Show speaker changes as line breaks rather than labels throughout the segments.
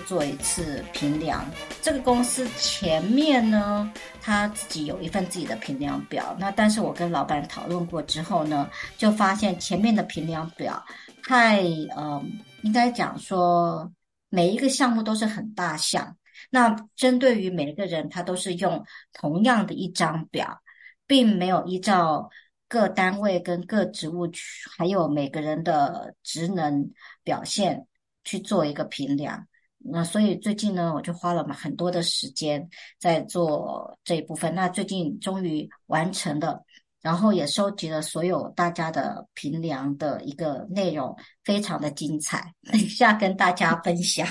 做一次評量，這個公司前面呢，他自己有一份自己的評量表。那但是我跟老闆討論過之後呢，就發現前面的評量表太，呃，應該講說每一個項目都是很大項。那針對於每個人，他都是用同樣的一張表，並沒有依照各單位跟各職務，還有每個人的職能表現去做一個評量。那所以最近呢，我就花了很多的時間在做這一部分。那最近終於完成了，然後也收集了所有大家的評量的一個內容，非常的精彩。等一下跟大家分享。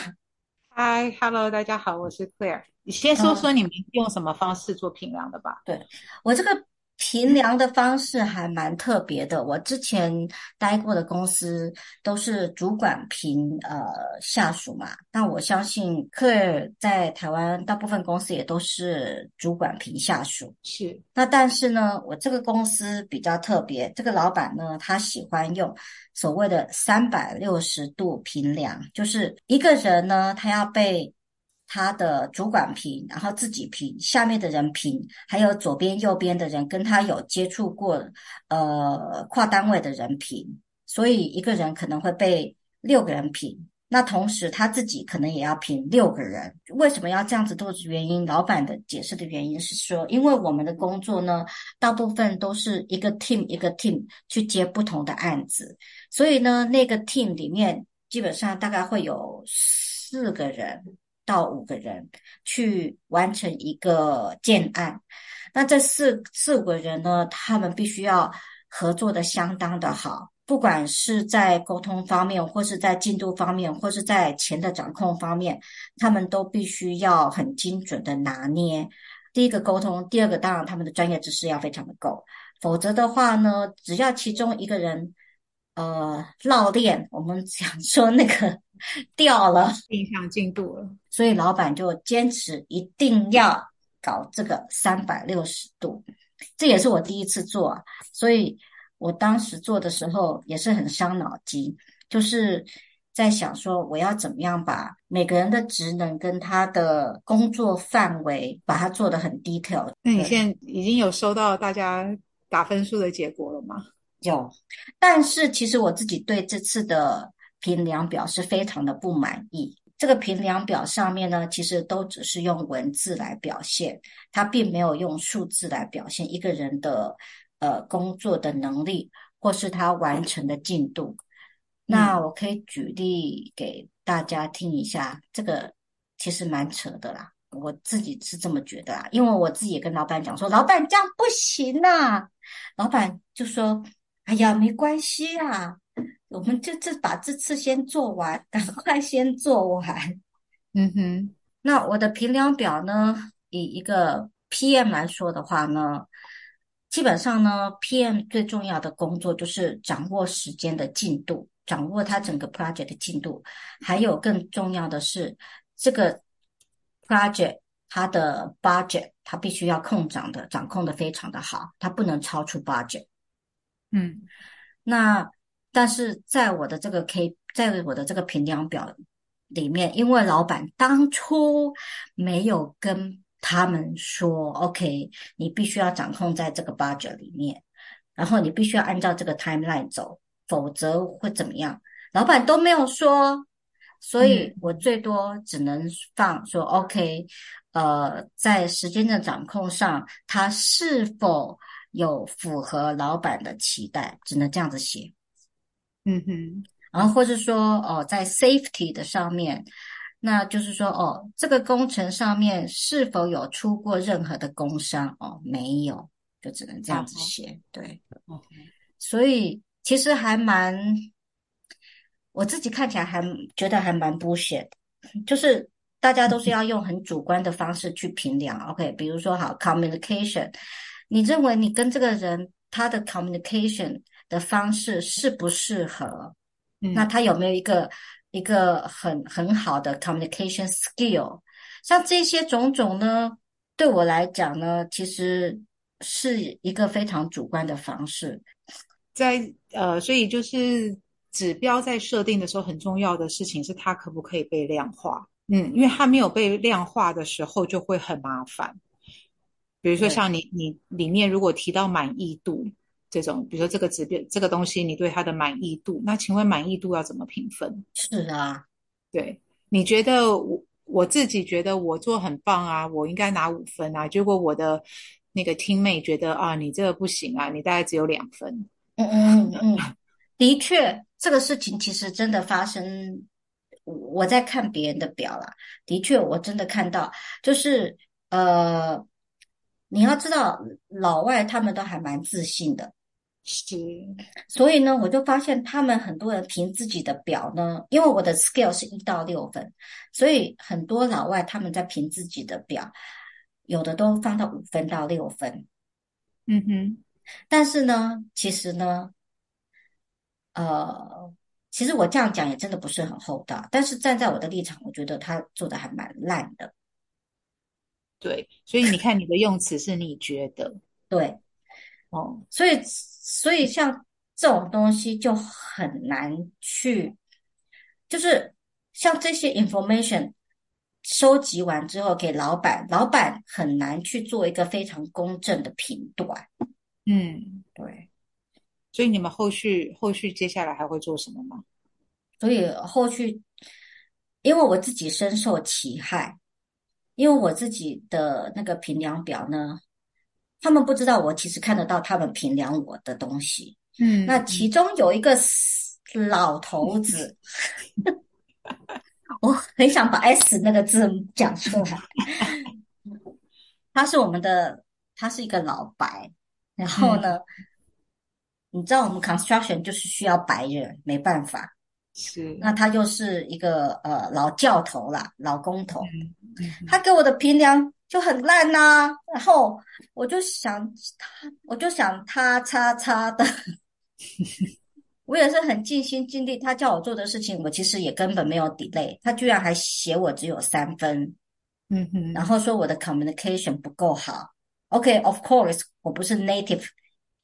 嗨，哈嘍，大家好，我是 Claire。你先說說你們用什麼方式做評量的吧？嗯，對，我這個。評量
的方式還蠻特別的。我之前待過的公司都是主管評，呃、下屬嘛，那我相信克爾在台灣大部分公司也都是主管評下屬。是，那但是呢，我這個公司比較特別，這個老闆呢，他喜歡用所謂的三百六十度評量，就是一個人呢，他要被。他的主管評，然後自己評，下面的人評，還有左邊右邊的人跟他有接觸過，呃，跨單位的人評，所以一個人可能會被六個人評。那同時他自己可能也要評六個人。為什麼要這樣子做？原因。老闆的解釋的原因是說，因為我們的工作呢，大部分都是一個 team 一個 team 去接不同的案子，所以呢，那個 team 裡面基本上大概會有四個人。到五個人去完成一個建案，那這四四五個人呢，他們必須要合作的相當的好，不管是在溝通方面，或是在進度方面，或是在錢的掌控方面，他們都必須要很精準的拿捏。第一個溝通，第二個當然他們的專業知識要非常的夠，否則的話呢，只要其中一個人。呃，繞練我們想說那個掉了，影響進度了，所以老板就堅持一定要搞這個三百六十度，這也是我第一次做，所以我當時做的時候也是很傷腦筋，就是在想說我要怎麼樣把每個人的職能跟他的工作範圍把它做得很 detail。那你現在已經有收到大家打分數的結果了嗎？有，但是其實我自己對這次的評量表是非常的不滿意。這個評量表上面呢，其實都只是用文字來表現，它並沒有用數字來表現一個人的呃工作的能力或是他完成的進度。那我可以舉例給大家聽一下，這個其實蠻扯的啦，我自己是這麼覺得啦，因為我自己也跟老板講說，老板這樣不行吶，啊，老板就說。哎呀，沒關係呀、啊，我們就這把這次先做完，趕快先做完。嗯哼，那我的評量表呢？以一個 PM 來說的話呢，基本上呢，PM 最重要的工作就是掌握時間的進度，掌握它整個 project 的進度。還有更重要的是，這個 project 它的 budget，它必須要控掌的，掌控的非常的好，它不能超出 budget。嗯，那但是在我的這個 K，在我的這個評量表裡面，因為老闆當初沒有跟他們說、嗯、，OK，你必須要掌控在這個 budget 裡面，然後你必須要按照這個 timeline 走，否則會怎麼樣？老闆都沒有說，所以我最多只能放說、嗯、，OK，呃，在時間的掌控上，他是否有符合老闆的期待，只能這樣子寫，嗯
哼、mm。Hmm.
然後或是說哦，在 safety 的上面，那就是說哦，這個工程上面是否有出過任何的工傷？哦，沒有，就只能這樣子寫。Oh. 對，Okay. 所以其實還蠻，我自己看起來還覺得還蠻 bullshit，就是大家都是要用很主觀的方式去評量。Mm hmm. OK，比如說好 communication。你認為你跟這個人他的 communication 的方式適不適合？嗯，那他有沒有一個一個很很好的 communication skill？像這些種種呢，對我來講呢，其實是一個非常主
觀的方式。在呃，所以就是指標在設定的時候，很重要的事情是它可不可以被量化？嗯，因為它沒有被量化的時候，就會很麻煩。比如說，像你對你裡面如果提到滿意度這種，比如說這個指標這個東西，你對它的滿意度，那請問滿意度要怎麼評分？是啊，對，你覺得我我自己覺得我做很棒啊，我應該拿五分啊，結果我的那個 teammate 覺得啊，你這個不行啊，你大概只有兩分。
嗯嗯嗯，嗯嗯 的確，這個事情其實真的發生。我在看別人的表啦，的確，我真的看到就是呃。你要知道，老外他們都還蠻自信的，行是，所以呢，我就發現他們很多人評自己的表呢，因為我的 scale 是一到六分，所以很多老外他們在評自己的表，有的都放到五分到六分。嗯哼。但是呢，其實呢，呃，其實我這樣講也真的不是很厚道，但是站在我的立場，我覺得他做的還蠻爛的。對，所以你看你的用詞是你覺得 對，哦，所以所以像這種東西就很難去，就是像這些 information 收集完之後給老板，老板很難去做一個非常公正的評斷。嗯，
對。所以你們後續後續接下來還會做什麼嗎？所以後續，因為我自己深受其害。因為我
自己的那個評量表呢，他們不知道我其實看得到他們評量我的東西。嗯，那其中有一個老頭子， 我很想把 S 那個字講出來。 他是我們的，他是一個老白。然後呢，嗯、你知道我們 construction 就是需要白人，沒辦法。是，那他就是一個呃老教頭了，老工頭。Mm hmm. 他給我的評量就很爛吶，啊，然後我就想他，我就想他叉叉的。 我也是很盡心盡力，他叫我做的事情，我其實也根本沒有 delay。他居然還寫我只有三分，嗯、mm hmm. 然後說我的 communication 不夠好。OK，of、okay, course，我不是 native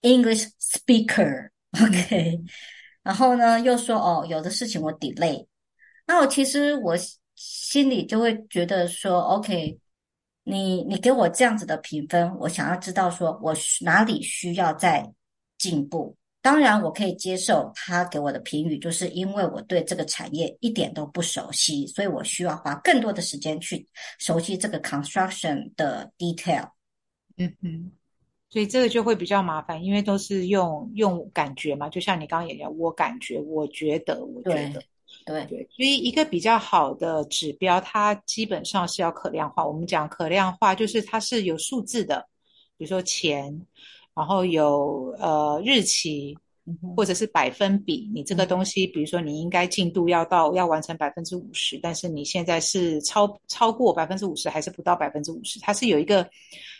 English speaker。OK。然後呢，又說哦，有的事情我 delay。那我其實我心裡就會覺得說，OK，你你給我這樣子的評分，我想要知道說我哪裡需要再進步。當然，我可以接受他給我的評語，就是因為我對這個產業一點都不熟悉，所以我需要花更多的時間去熟悉這個
construction 的 detail。嗯哼。所以這個就會比較麻煩，因為都是用用感覺嘛，就像你剛剛也聊，我感覺，我覺得，我覺得，對對，對。所以一個比較好的指標，它基本上是要可量化。我們講可量化，就是它是有數字的，比如說錢，然後有呃日期。或者是百分比，你這個東西，比如說你應該進度要到要完成百分之五十，但是你現在是超超過百分之五十還是不到百分之五十？它是有一個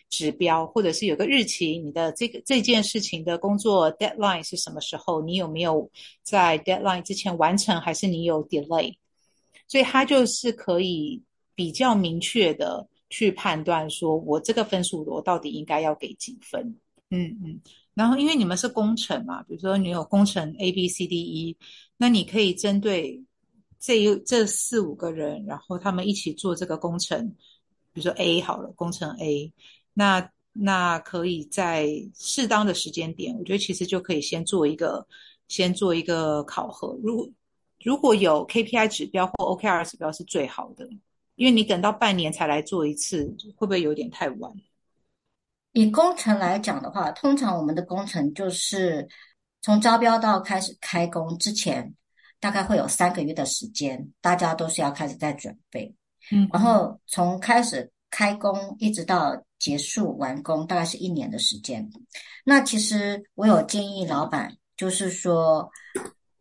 指標，或者是有個日期，你的這個這件事情的工作 deadline 是什麼時候？你有沒有在 deadline 之前完成，還是你有 delay？所以它就是可以比較明確的去判斷，說我這個分數我到底應該要給幾分？嗯嗯。然後，因為你們是工程嘛，比如說你有工程 A、B、C、D、E，那你可以針對這這四五個人，然後他們一起做這個工程。比如說 A 好了，工程 A，那那可以在適當的時間點，我覺得其實就可以先做一個先做一個考核。如果如果有 KPI 指標或 OKR 指標是最好的，因為你等到半年才來做一次，會不會有點太晚？
以工程來講的話，通常我們的工程就是從招標到開始開工之前，大概會有三個月的時間，大家都是要開始在準備。嗯，然後從開始開工一直到結束完工，大概是一年的時間。那其實我有建議老闆，就是說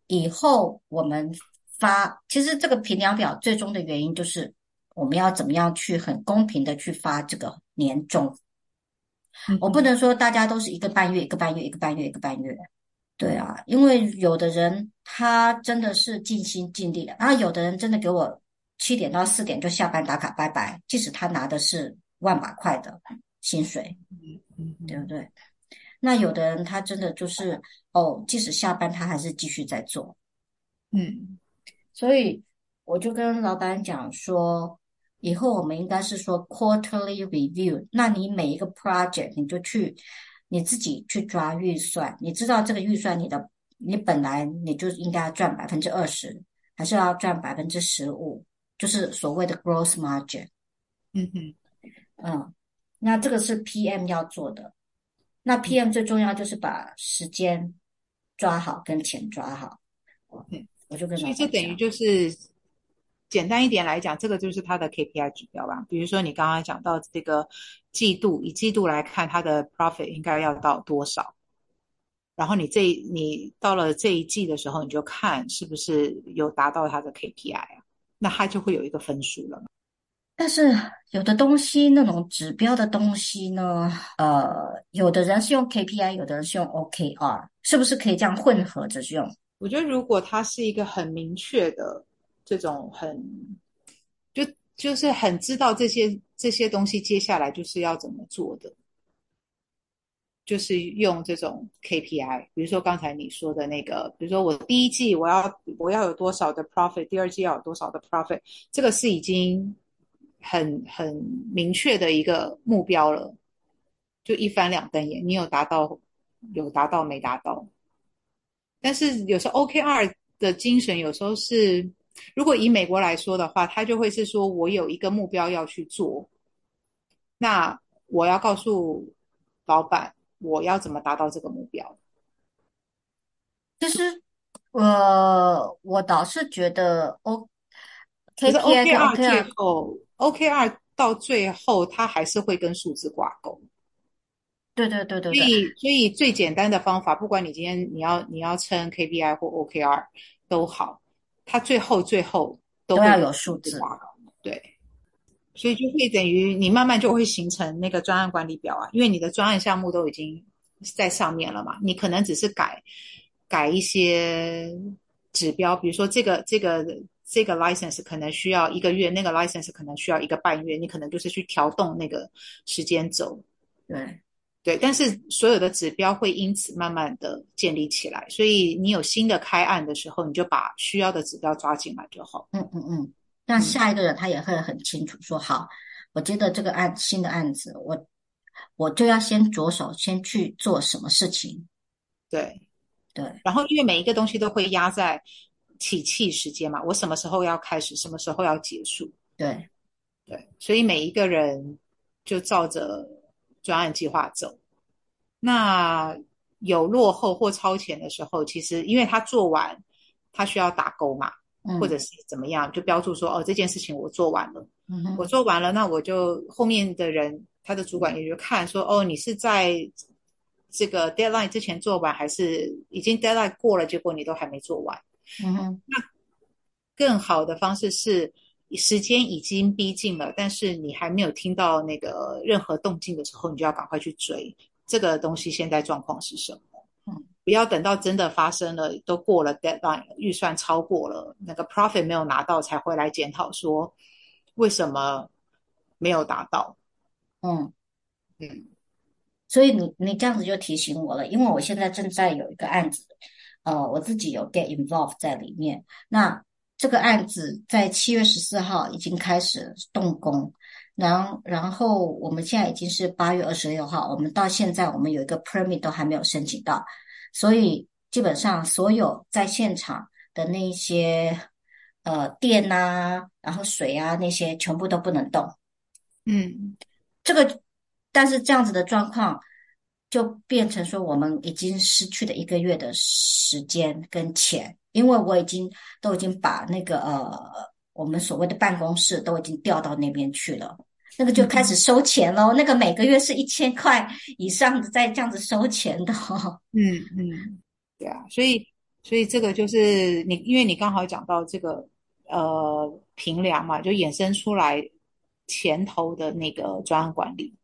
以後我們發，其實這個評量表最終的原因就是我們要怎麼樣去很公平的去發這個年終。 我不能說大家都是一個半月一個半月一個半月一個半月，對啊，因為有的人他真的是盡心盡力的，然後有的人真的給我七點到四點就下班打卡拜拜，即使他拿的是萬把塊的薪水，對不對？那有的人他真的就是哦，即使下班他還是繼續在做，嗯，所以我就跟老闆講說。以後我們應該是說 quarterly review，那你每一個 project，你就去你自己去抓預算，你知道這個預算你的你本來你就應該要賺百分之二十，還是要賺百分之十五，就是所謂的 gross margin。嗯哼，嗯，那這個是 PM 要做的。那 PM 最重要就是把
時間抓好跟錢抓好。OK，我就跟說。其實這等於就是。簡單一點來講，這個就是它的 KPI 指標吧。比如說你剛剛講到這個季度，以季度來看，它的 profit 應該要到多少，然後你這你到了這一季的時候，你就看是不是有達到它的 KPI 啊？那它就會有一個分數了。
但是有的東西那種指標的東西呢，呃，有的人是用 KPI，有的人是用
OKR 啊，是不是可以這樣混合着去用？我覺得如果它是一個很明確的。這種很，就就是很知道這些這些東西，接下來就是要怎麼做的，就是用這種 KPI，比如說剛才你說的那個，比如說我第一季我要我要有多少的 profit，第二季要有多少的 profit，這個是已經很很明確的一個目標了，就一翻兩瞪眼，你有達到有達到沒達到，但是有時候 OKR 的精神有時候是。如果以美國來說的話，他就會是說：“我有一個目標要去做，那我要告訴老闆，我要怎麼達到這個目標。”其實，
呃，我倒是覺得
O，其實 OKR 最後 OKR 到最後，它還是會跟數字掛鈎。對對對對，對。所以，所以最簡單的方法，不管你今天你要你要稱 KPI 或 OKR、OK、都好。它最後最後
都有，都要有數字，
對，所以就會等於你慢慢就會形成那個專案管理表啊，因為你的專案項目都已經在上面了嘛，你可能只是改改一些指標，比如說這個這個這個 license 可能需要一個月，那個 license 可能需要一個半月，你可能就是去調動那個時間軸，對，嗯。對，但是所有的指標會因此慢慢的建立起來，所以你有新的開案的時候，你就把需要的指標抓進來就好，嗯。
嗯嗯嗯，那下一個人他也會很清楚說，嗯、好，我覺得這個案新的案子，我我就要先着手先去做什麼事情。
對對，對，然後因為每一個東西都會壓在起訖時間嘛，我什麼時候要開始，什麼時候要結束。對對，所以每一個人就照着。專案計劃走，那有落後或超前的時候，其實因為他做完，他需要打勾嘛，嗯，或者是怎麼樣，就標註說哦，這件事情我做完了，嗯哼，我做完了，那我就後面的人，他的主管也就看說，哦，你是在這個 deadline 之前做完，還是已經 deadline 過了，結果你都還沒做完，嗯哼，那更好的方式是，時間已經逼近了，但是你還沒有聽到那個任何動靜的時候，你就要趕快去追這個東西。現在狀況是什麼？嗯，不要等到真的發生了，都過了 deadline，預算超過了，那個 profit 沒有拿到，才回來檢討說，為什麼沒有達到。嗯嗯，嗯，所以你
你這樣子就提醒我了，因為我現在正在有一個案子，呃，我自己有 get involved 在裡面，那。這個案子在七月十四號已經開始動工，然後然後我們現在已經是八月二十六號，我們到現在我們有一個 permit 都還沒有申請到，所以基本上所有在現場的那些呃電啊，然後水啊那些全部都不能動。
嗯，
這個，但是這樣子的狀況就變成說我們已經失去了一個月的時間跟錢。因為我已經都已經把那個呃，我們所謂的辦公室都已經調到那邊去了，那個就開始收錢嘍。嗯、那個每個月是一千塊以上的，在這樣子收錢的、哦嗯。
嗯嗯，對啊，所以所以這個就是你，因為你剛好講到這個呃，評量嘛，就衍生出來前頭的那個專案管理，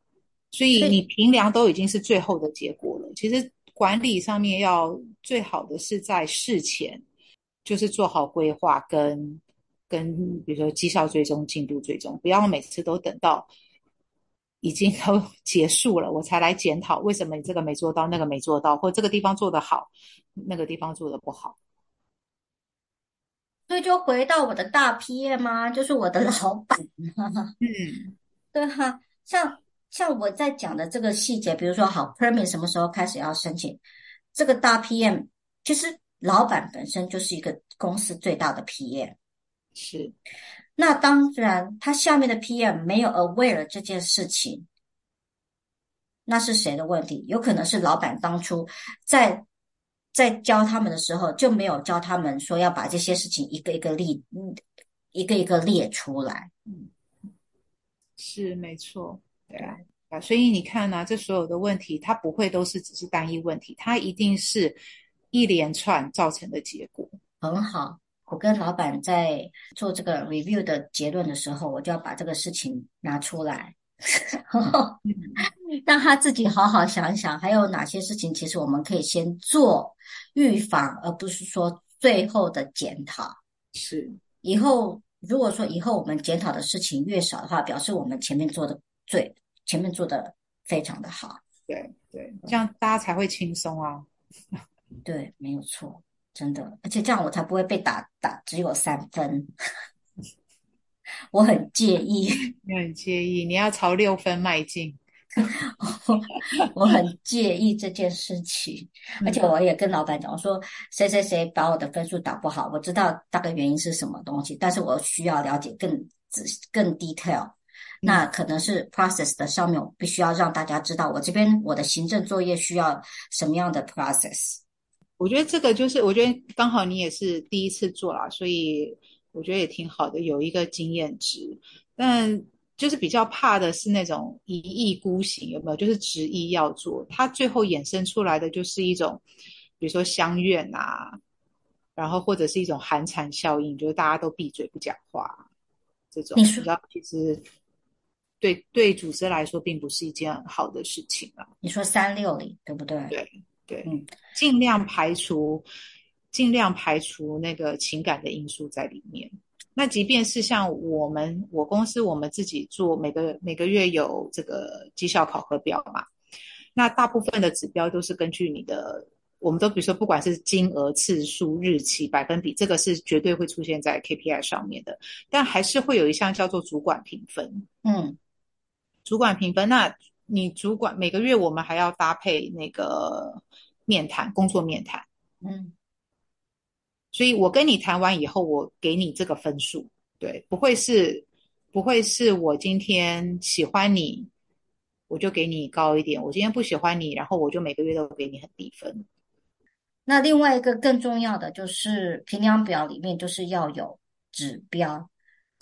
所以你評量都已經是最後的結果了。是其實管理上面要最好的是在事前。就是做好規劃跟跟，比如說績效追蹤、進度追蹤，不要每次都等到已經都結束了，我才來檢討為什麼你這個沒做到、那個沒做到，或這個地方做得好，那個地方做得不好。
所以就回到我的大 PM 嗎？啊，就是我的老
闆。
啊、嗯， 對哈、啊，像像我在講的這個細節，比如說好 permit 什麼時候開始要申請，這個大 PM 其實。老闆本身就是一個公司最大的 PM，是。那當然，他下面的 PM 沒有 aware 了這件事情，那是誰的問題？有可能是老闆當初在在教他們的時候就沒有教他們說要把這些事情一個一個列，嗯，一個一個列出
來。嗯，是沒錯，對啊。啊，所以你看呢，啊，這所有的問題，他不會都是只是單一問題，他一定是。一連串造成的結果，很好。我跟老板在
做這個 review 的結論的時候，我就要把這個事情拿出來， 然後，讓他自己好好想想，還有哪些事情其實我們可以先做預防，而不是說最後的檢討。是，以後如果說以後我們檢討的事情越少的話，表示我們前面做的最，前面做的非常的好。對對，這樣大家才會輕鬆啊。 對，沒有錯，真的。而且這樣我才不會被打打只有三分， 我很
介意，我很介意。你要朝六分邁進， 我，我很介意這件事情。 而且
我也跟老闆講，我說誰誰誰把我的分數打不好，我知道大概原因是什麼東西，但是我需要了解更仔細、更 detail。那可能是 process 的上面，我必須要讓大家知道，我這邊我的行政作業需要什麼樣的 process。
我覺得這個就是，我覺得剛好你也是第一次做啦，所以我覺得也挺好的，有一個經驗值。但就是比較怕的是那種一意孤行，有沒有？就是執意要做，它最後衍生出來的就是一種，比如說相怨啊，然後或者是一種寒蟬效應，就是大家都閉嘴不講話，這種你知道，比較其實對對組織來說並不是一件好的事情啊。你說三六零對不對？對。對，嗯，盡量排除，盡量排除那個情感的因素在裡面。那即便是像我們，我公司我們自己做，每個每個月有這個績效考核表嘛。那大部分的指標都是根據你的，我們都比如說，不管是金額、次數、日期、百分比，這個是絕對會出現在 KPI 上面的。但還是會有一項叫做主管評分，嗯，主管評分那。你主管每個月我們還要搭配那個面談，工作面談，嗯，所以我跟你談完以後，我給你這個分數，對，不會是，不會是我今天喜歡你，我就給你高一點，我今天不喜歡你，然後我就每個月都給你很低分。
那另外一個更重要的就是評量表裡面就是要有指標。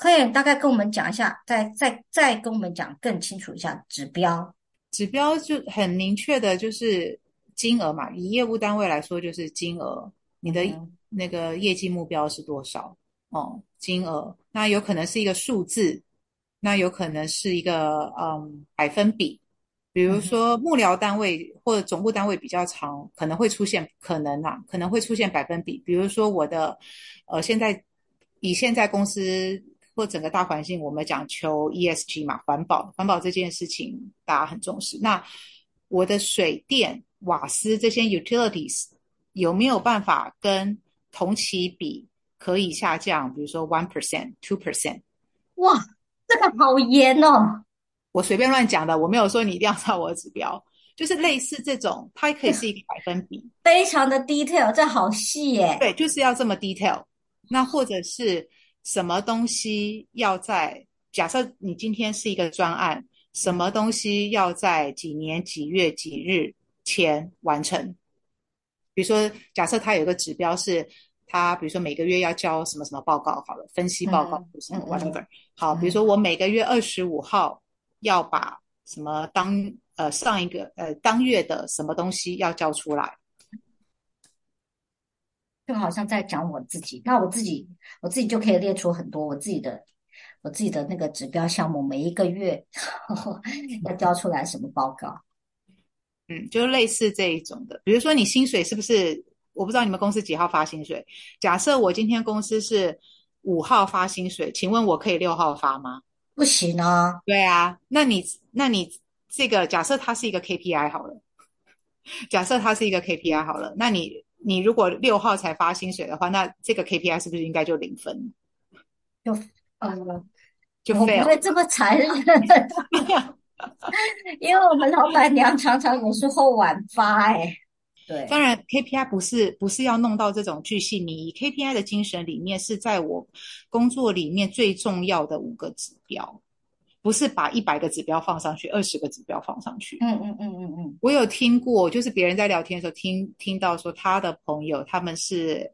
可以大概跟我們講一下，再再再跟我們講更清楚一
下指標。指標就很明確的，就是金額嘛。以業務單位來說，就是金額，嗯、你的那個業績目標是多少？哦、嗯，金額。那有可能是一個數字，那有可能是一個嗯百分比。比如說，幕僚單位或者總部單位比較長，嗯、可能會出現可能啦、啊，可能會出現百分比。比如說我的，呃，現在以現在公司。或整個大環境，我們講求 ESG 嘛，環保，環保這件事情大家很重視。那我的水電、瓦斯這些 utilities 有沒有辦法跟同期比可以下降？比如說 one percent、two percent？哇，這個好嚴哦！我隨便亂講的，我沒有說你一定要抄我的指標，就是類似這種，它也可以是一個百分比，非常的 detail，這好細耶。對，就是要這麼 detail。那或者是。什麼東西要在，假設你今天是一個專案，什麼東西要在幾年幾月幾日前完成？比如說，假設他有一個指標是，他比如說每個月要交什麼什麼報告，好了，分析報告就是 whatever。好，比如說我每個月二十五號要把什麼當，mm hmm. 呃上一個呃當月的什麼東西要交出來。
就好像在講我自己，那我自己，我自己就可以列出很多我自己的，我自己的那個指標項目，每一個月呵呵
要交出來什麼報告，嗯，就類似這一種的，比如說你薪水是不是？我不知道你們公司幾號發薪水，假設我今天公司是五號發薪水，請問我可以六號發嗎？
不行哦。
對啊，那你那你這個假設它是一個 KPI 好了，假設它是一個 KPI 好了，那你。你如果六號才發薪水的話，那這個 KPI 是不是應該就零分？就廢、嗯、就廢了。不會這麼殘忍， 因為我們老闆娘常常也是後晚發、欸，誒 對。當然 KPI 不是不是要弄到這種巨細，你 KPI 的精神裡面是在我工作裡面最重要的五個指標。不是把一百個指標放上去，二十個指標放上去。嗯嗯嗯嗯嗯。嗯嗯嗯，我有聽過，就是別人在聊天的時候聽聽到說他的朋友他們是，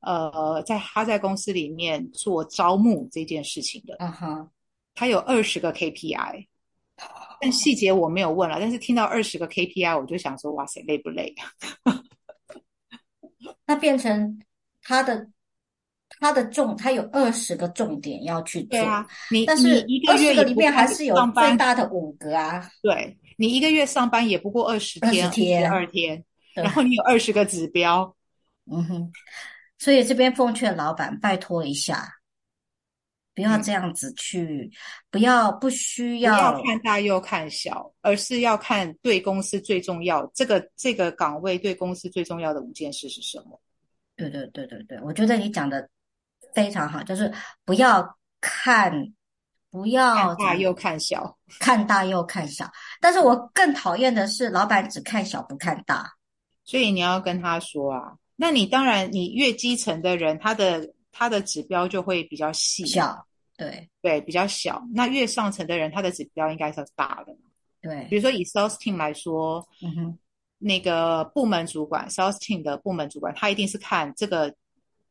呃，在他在公司裡面做招募這件事情的。嗯
哼。
他有二十個 KPI，但細節我沒有問了。但是聽到二十個 KPI，我就想說，哇塞，累不累？
那變成他的。他的重，他有二十
個重點要去抓啊。你但是二十個裡面還是有最大的五個啊。對，你一個月上班也不過二十天，二十天，天對然後你有二十個指標。嗯哼。所以這邊奉勸老板，拜托一下，
不要這樣子去，嗯、不要不需要，不要看
大又看小，而是要看對公司最重要，這個這個崗位對公司最重要的五件事是什麼？
對對對對對，我覺得你講的。非常好，就是不要看，不要看大又看小， 看大又看
小。但是我更討厭的是，老闆只看小不看大，所以你要跟他說啊。那你當然，你越基層的人，他的他的指標就會比較細小，對對，比較小。那越上層的人，他的指標應該是大的嘛。對，比如說以 Sales Team 來說，嗯哼，那個部門主管 Sales Team 的部門主管，他一定是看這個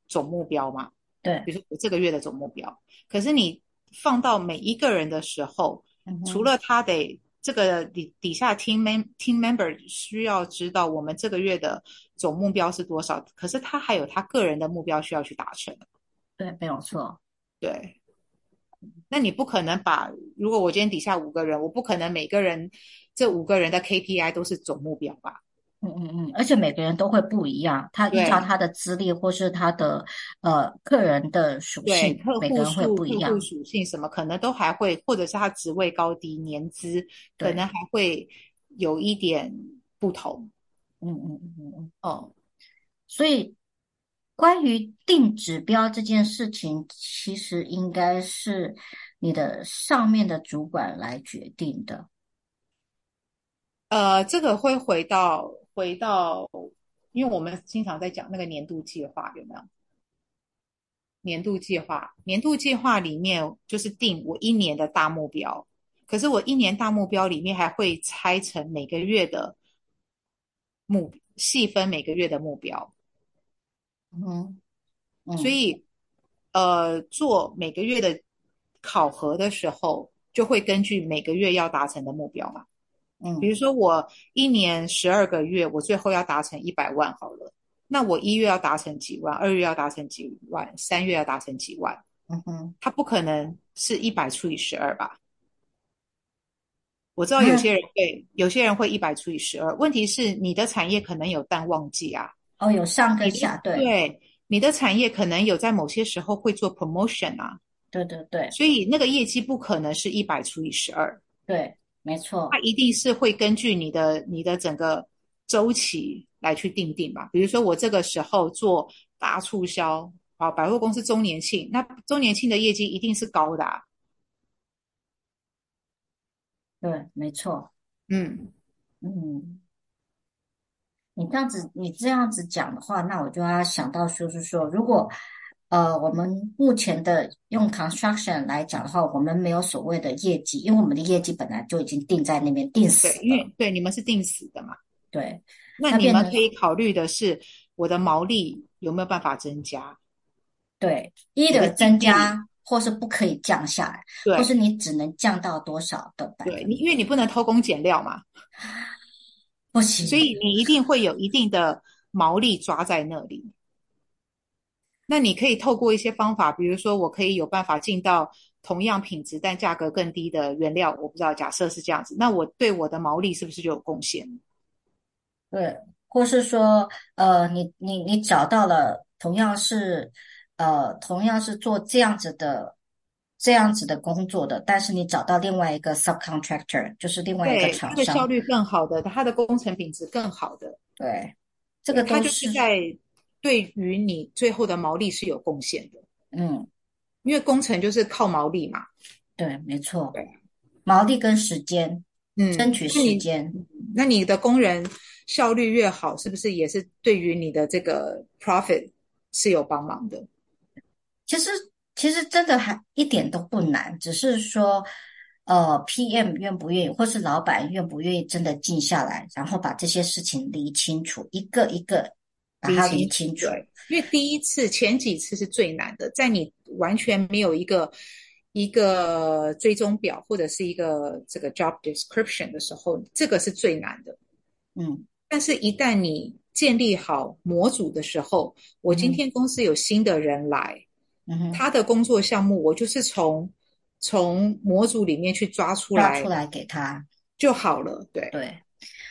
總目標嘛。對，比如說我這個月的總目標，可是你放到每一個人的時候，嗯哼。除了他得這個底底下 team member team member 需要知道我們這個月的總目標是多少，可是他還有他個人的目標需要去達成。對，
沒有錯。
對，那你不可能把，如果我今天底下五個人，我不可能每個人，這五個人的 KPI 都是總目標吧？
嗯嗯嗯，而且每個人都會不一樣，他依照對他的資歷或是他的呃客人的屬性，對每個人會不一樣，的屬、
屬性什麼可能都還會，或者是他職位高低、年資，可能還會有一點不同。嗯嗯嗯嗯哦，
所以關於定指標這件事情，其實應該是你的上面的主管來決定的。
呃，這個會回到。回到，因為我們經常在講那個年度計劃，有沒有？年度計劃，年度計劃裡面就是定我一年的大目標，可是我一年大目標裡面還會拆成每個月的目細分每個月的目標。嗯，嗯。所以呃，做每個月的考核的時候，就會根據每個月要達成的目標嘛。嗯，比如說我一年十二個月，我最後要達成一百萬好了，那我一月要達成幾萬，二月要達成幾萬，三月要達成幾萬。嗯哼，他不可能是一百除以十二吧？我知道有些人會，嗯、有些人會一百除以十二。問題是你的產業可能有淡旺季啊。哦，有上跟下，對。對，你的產業可能有在某些時候會做 promotion 啊。對對
對。
所以那個業績不可能是一百除以十二。對。沒錯，它一定是會根據你的你的整個週期來去定定吧。比如說我這個時候做大促銷，好，百貨公司週年慶，那週年慶的業績一定是高的啊。
對，沒錯。嗯嗯，你這樣子你這樣子講的話，那我就要想到說是說，說如果。呃，我們目前的用 construction 來講的話，我們沒有所謂的業績，因為我們的業績本來就已經定在
那邊定死。對，因為，對，你們是定死的嘛。對。
那你們可
以考慮的是，我的毛利有沒有辦法增加？對，一的增加，
或是不可以降下來，對或是你只能降到多少，對吧？對，你因為你不能
偷工減料嘛。不行。所以你一定會有一定的毛利抓在那裡。那你可以透過一些方法，比如說我可以有辦法進到同樣品質但價格更低的原料，我不知道假設是這樣子，那我對我的毛利是不是就有貢獻？對，
或是說，呃，你你你找到了同樣是呃同樣是做這樣子的這樣子的工作的，但是你找到另外一個 subcontractor，就是另外一個廠商，對，他的效率
更好的，他的工程品質更好的，對，
這個他就是
在。對於你最後的毛利是有貢獻的，嗯，因為工程就是靠毛利嘛，對，沒錯，對，毛利跟時間，
嗯，爭取時間。
那，那你的工人效率越好，是不是也是對於你的這個 profit 是有幫忙的？其實，其實
真的還一點都不難，只是說，呃，PM 願不願意，或是老闆願不願意，真的靜下來，然後把這些事情理清楚，一個一個。提、啊、前
停嘴。對因為第一次、前幾次是最難的，在你完全沒有一個一個追蹤表或者是一個這個 job description 的時候，這個是最難的。嗯，但是，一旦你建立好模組的時候，我今天公司有新的人來，嗯、他的工作項目，我就是從從模組裡面去抓出來，抓出來給他就好了。對對。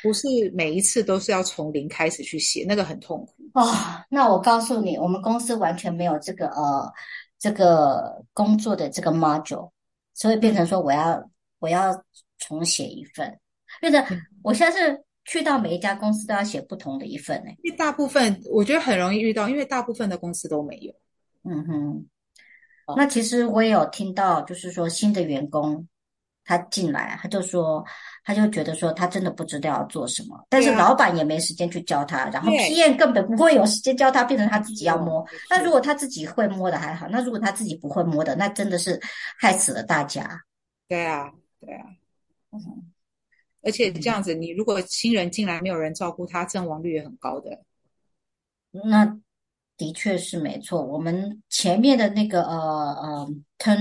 不是每一次都是要從零開始去寫，那個很痛苦
哦，那我告訴你，我們公司完全沒有這個呃這個工作的這個 module，所以變成說我要我要重寫一份，
就是呢，嗯，我現在是去到每一家公司都要寫不同的一份呢。因為大部分我覺得很容易遇到，因為大部分的公司都沒有。
嗯
哼，
那其實我也有聽到，就是說新的員工。他進來，他就說，他就覺得說，他真的不知道要做什麼。啊、但是老闆也沒時間去教他，啊、然後 PM 根本不會有時間教他，啊、變成他自己要摸。那、啊、如果他自己會摸的還好，啊、那如果他自己不會摸的，那真的是害死了大家。
對啊，對啊，嗯。而且這樣子，你如果新人進來沒有人照顧他，陣亡率也很高的。
那的確是沒錯。我們前面的那個呃呃坑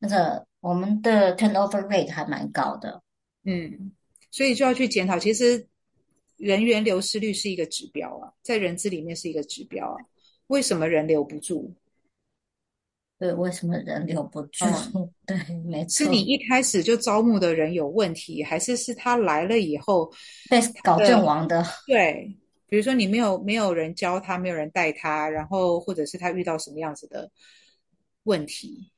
那
個。我們的 turnover rate 還蠻高的，
嗯，
所以就要去檢討。其實人員流失率是一個指標啊，在人資裡面是一個指標啊。為什麼人留不住？對，為什麼人留不住？啊，對，沒錯。是你一開始就招募的人有問題，還是是他來了以後他被搞陣亡的？對，比如說你沒有沒有人教他，沒有人帶他，然後或者是他遇到什麼樣子的問題。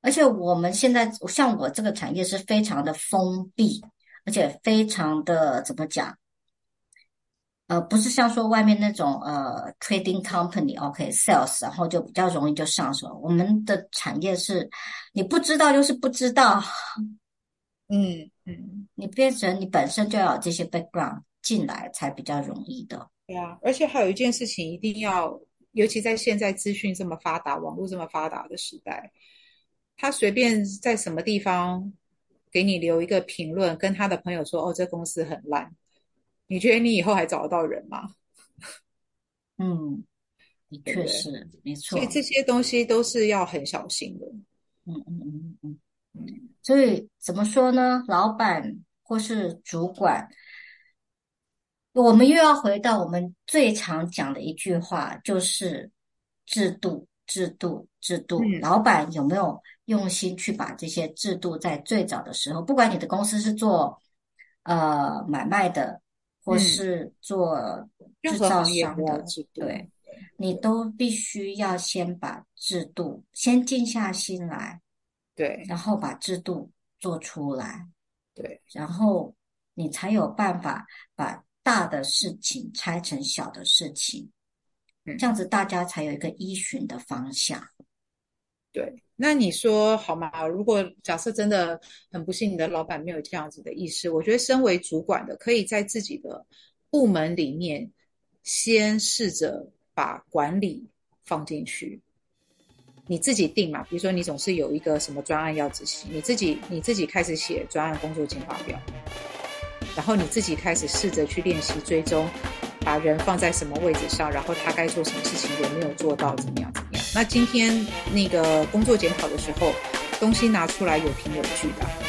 而且我們現在像我
這個產業是非常的封閉，而且非常的怎麼講？呃，不是像說外面那種呃，trading company，OK，sales，okay，然後就比較容易就上手。我們的產業是你不知道就是不知道，嗯嗯，你變成你本身就要有這些 background 進來才比較容易的。對
啊，而且還有一件事情一定要，尤其在現在資訊這麼發達、網絡這麼發達的時代。他隨便在什麼地方給你留一個評論，跟他的朋友說：“哦，這公司很爛。”你覺得你以後還找得到人嗎？嗯，
對對確實沒錯，所以這
些東西都是要很小心的。嗯嗯嗯嗯。所以怎麼說呢？老闆
或是主管，我們又要回到我們最常講的一句話，就是制度，制度，制度。嗯、老闆有沒有？用心去把這些制度，在最早的時候，不管你的公司是做呃買賣的，
或是
做製造商的，嗯、對，對你都必須要先把制度先靜下心來，
對，
然後把制度做出來，對，然後你才有辦法把大的事情拆成小的事
情，對這樣子大家才有一個依循的方向，對。那你說好嗎？如果假設真的很不幸，你的老闆沒有這樣子的意識，我覺得身為主管的，可以在自己的部門裡面先試着把管理放進去，你自己定嘛。比如說，你總是有一個什麼專案要執行，你自己你自己開始寫專案工作計劃表，然後你自己開始試着去練習追蹤，把人放在什麼位置上，然後他該做什麼事情有沒有做到，怎麼樣怎麼樣。那今天那個工作檢討的時候，東西拿出來有憑有據的。